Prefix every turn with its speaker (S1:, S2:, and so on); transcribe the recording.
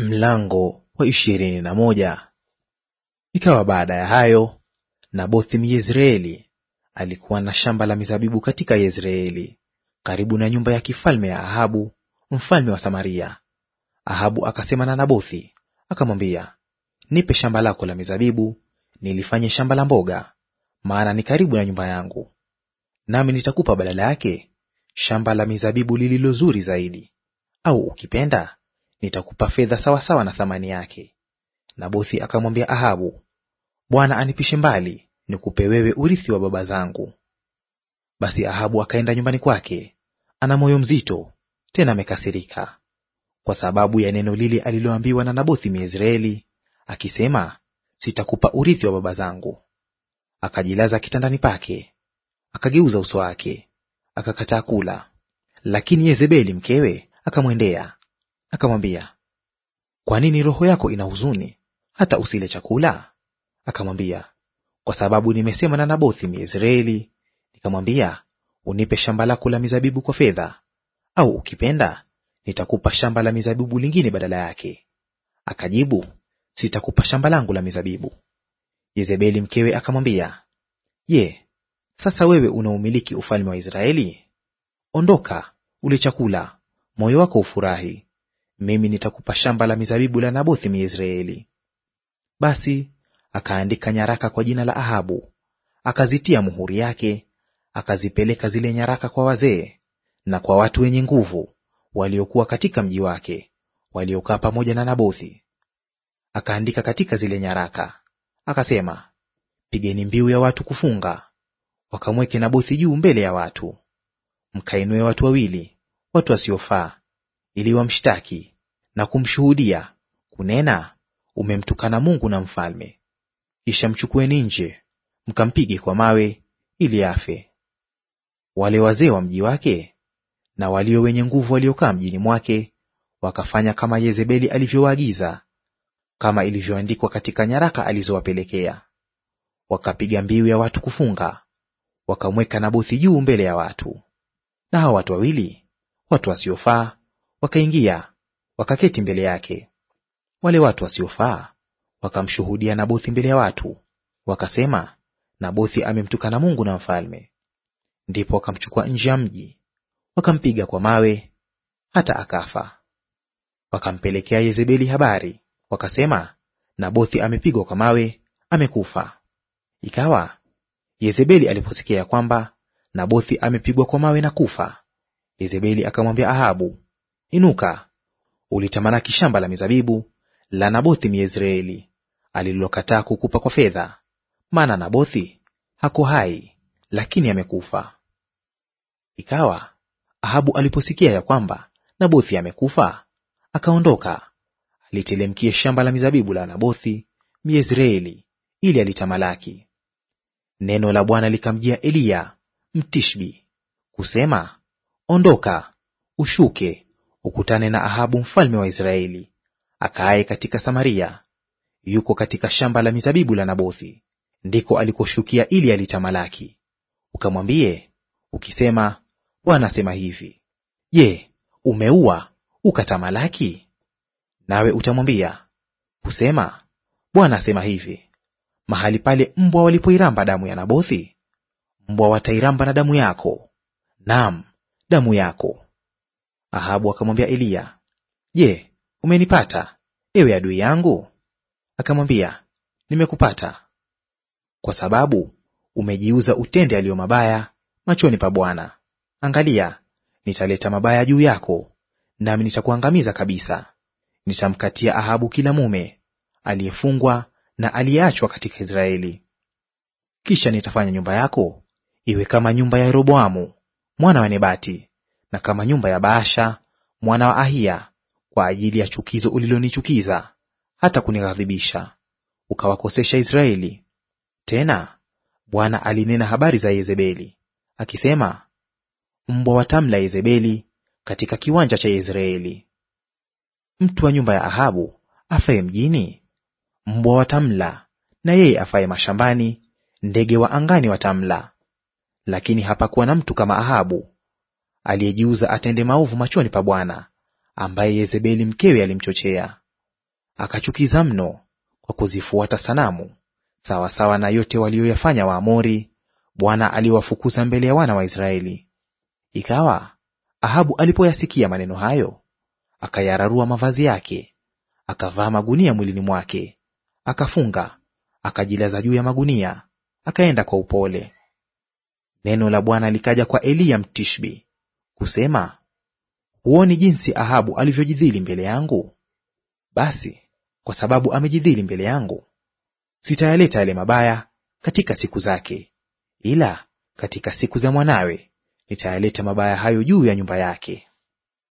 S1: Mlango wa ishirini na moja. Ikawa baada ya hayo, Nabothi Myezreeli alikuwa na shamba la mizabibu katika Yezreeli, karibu na nyumba ya kifalme ya Ahabu mfalme wa Samaria. Ahabu akasema na Nabothi akamwambia, nipe shamba lako la mizabibu nilifanye shamba la mboga, maana ni karibu na nyumba yangu, nami nitakupa badala yake shamba la mizabibu lililo zuri zaidi, au ukipenda nitakupa fedha sawasawa na thamani yake. Nabothi akamwambia Ahabu, Bwana anipishe mbali, nikupe wewe urithi wa baba zangu. Basi Ahabu akaenda nyumbani kwake, ana moyo mzito, tena amekasirika kwa sababu ya neno lile aliloambiwa na Nabothi Myezreeli, akisema, sitakupa urithi wa baba zangu. Akajilaza kitandani pake, akageuza uso wake, akakataa kula. Lakini Yezebeli mkewe akamwendea Akamwambia, kwa nini roho yako ina huzuni hata usile chakula? Akamwambia, kwa sababu nimesema na Nabothi Myezreeli, nikamwambia, unipe shamba lako la mizabibu kwa fedha, au ukipenda nitakupa shamba la mizabibu lingine badala yake. Akajibu, sitakupa shamba langu la mizabibu. Yezebeli mkewe akamwambia, Je, sasa wewe unaumiliki ufalme wa Israeli? Ondoka, ule chakula, moyo wako ufurahi, mimi nitakupa shamba la mizabibu la Nabothi miisraeli Basi akaandika nyaraka kwa jina la Ahabu, akazitia muhuri yake, akazipeleka zile nyaraka kwa wazee na kwa watu wenye nguvu waliokuwa katika mji wake, waliokaa pamoja na Nabothi. Akaandika katika zile nyaraka, akasema, pigeni mbiu ya watu kufunga, wakamweke Nabothi juu mbele ya watu, mkainue watu wawili, watu wasiofaa, ili wamshtaki na kumshuhudia kunena, umemtukana Mungu na mfalme. Kisha mchukueni nje, mkampige kwa mawe ili afe. Wale wazee wa mji wake na walio wenye nguvu waliokaa mjini mwake wakafanya kama Yezebeli alivyowaagiza, kama ilivyoandikwa katika nyaraka alizowapelekea. Wakapiga mbiu ya watu kufunga, wakamweka Nabothi juu mbele ya watu. Na hao watu wawili, watu wasiofaa, wakaingia wakaketi mbele yake. Wale watu wasiofaa wakamshuhudia Nabothi mbele ya watu, wakasema, Nabothi amemtukana Mungu na mfalme. Ndipo wakamchukua nje ya mji, wakampiga kwa mawe hata akafa. Wakampelekea Yezebeli habari, wakasema, Nabothi amepigwa kwa mawe, amekufa. Ikawa Yezebeli aliposikia ya kwamba Nabothi amepigwa kwa mawe na kufa, Yezebeli akamwambia Ahabu, Inuka, Ulitamalaki shamba la mizabibu la Nabothi Myezreeli alilokataa kukupa kwa fedha, maana Nabothi hako hai, lakini amekufa. Ikawa Ahabu aliposikia ya kwamba Nabothi amekufa, akaondoka alitelemkia shamba la mizabibu la Nabothi Myezreeli ili alitamalaki. Neno la Bwana likamjia Eliya Mtishbi kusema, Ondoka, ushuke ukutane na Ahabu mfalme wa Israeli akaaye katika Samaria, yuko katika shamba la mizabibu la Nabothi, ndiko alikoshukia ili alitamalaki. Ukamwambie ukisema, Bwana asema hivi, Je, umeua ukatamalaki? Nawe utamwambia kusema, Bwana asema hivi, mahali pale mbwa walipoiramba damu ya Nabothi, mbwa watairamba na damu yako, naam, damu yako. Ahabu akamwambia Eliya, Je, umenipata, ewe adui yangu? Akamwambia, nimekupata kwa sababu umejiuza utende aliyo mabaya machoni pa Bwana. Angalia, nitaleta mabaya juu yako, nami nitakuangamiza kabisa. Nitamkatia Ahabu kila mume aliyefungwa na aliyeachwa katika Israeli. Kisha nitafanya nyumba yako iwe kama nyumba ya Yeroboamu mwana wa Nebati na kama nyumba ya Baasha mwana wa ahia kwa ajili ya chukizo ulilonichukiza hata kunighadhibisha, ukawakosesha Israeli. Tena Bwana alinena habari za Yezebeli akisema, mbwa watamla Yezebeli katika kiwanja cha Yezreeli. Mtu wa nyumba ya Ahabu afaye mjini, mbwa watamla, na yeye afaye mashambani, ndege wa angani watamla. Lakini hapakuwa na mtu kama Ahabu aliyejiuza atende maovu machoni pa Bwana, ambaye Yezebeli mkewe alimchochea. Akachukiza mno kwa kuzifuata sanamu, sawasawa na yote walioyafanya Waamori, Bwana aliwafukuza mbele ya wana wa Israeli. Ikawa Ahabu alipoyasikia maneno hayo, akayararua mavazi yake, akavaa magunia mwilini mwake, akafunga, akajilaza juu ya magunia, akaenda kwa upole. Neno la Bwana likaja kwa Eliya Mtishbi kusema, huoni jinsi Ahabu alivyojidhili mbele yangu? Basi kwa sababu amejidhili mbele yangu, sitayaleta yale mabaya katika siku zake, ila katika siku za mwanawe nitayaleta mabaya hayo juu ya nyumba yake.